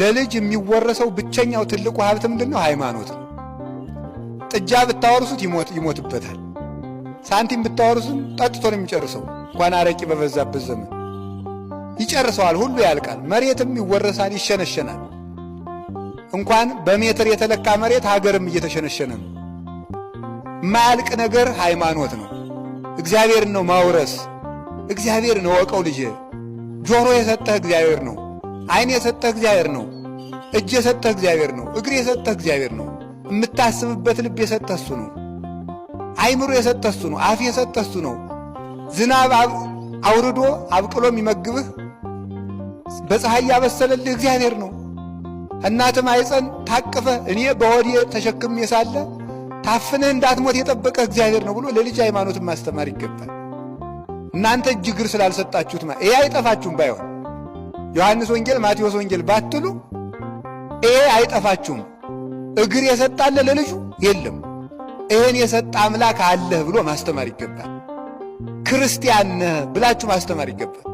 ለልጅ የሚወረሰው ብቸኛው ትልቁ ሀብት ምንድን ነው? ሃይማኖት ነው። ጥጃ ብታወርሱት ይሞትበታል። ሳንቲም ብታወርሱም ጠጥቶ ነው የሚጨርሰው። እንኳን አረቂ በበዛበት ዘመን ይጨርሰዋል። ሁሉ ያልቃል። መሬትም ይወረሳል፣ ይሸነሸናል። እንኳን በሜትር የተለካ መሬት ሀገርም እየተሸነሸነ ነው። የማያልቅ ነገር ሃይማኖት ነው። እግዚአብሔር ነው ማውረስ። እግዚአብሔር ነው ወቀው ልጅ ጆሮ የሰጠህ እግዚአብሔር ነው። ዓይን የሰጠ እግዚአብሔር ነው። እጅ የሰጠ እግዚአብሔር ነው። እግር የሰጠ እግዚአብሔር ነው። የምታስብበት ልብ የሰጠ እሱ ነው። አይምሮ የሰጠ እሱ ነው። አፍ የሰጠ እሱ ነው። ዝናብ አውርዶ አብቅሎ የሚመግብህ በፀሐይ ያበሰለልህ እግዚአብሔር ነው። እናትም አይፀን ታቅፈ እኔ በሆዴ ተሸክሜ ሳለ ታፍነህ እንዳትሞት የጠበቀ እግዚአብሔር ነው ብሎ ለልጅ ሃይማኖትን ማስተማር ይገባል። እናንተ እጅ እግር ስላልሰጣችሁት ይሄ አይጠፋችሁም ባይሆን ዮሐንስ ወንጌል፣ ማቴዎስ ወንጌል ባትሉ ይሄ አይጠፋችሁም። እግር የሰጣለ ለልጁ የለም ይህን የሰጠ አምላክ አለህ ብሎ ማስተማር ይገባል። ክርስቲያን ነህ ብላችሁ ማስተማር ይገባል።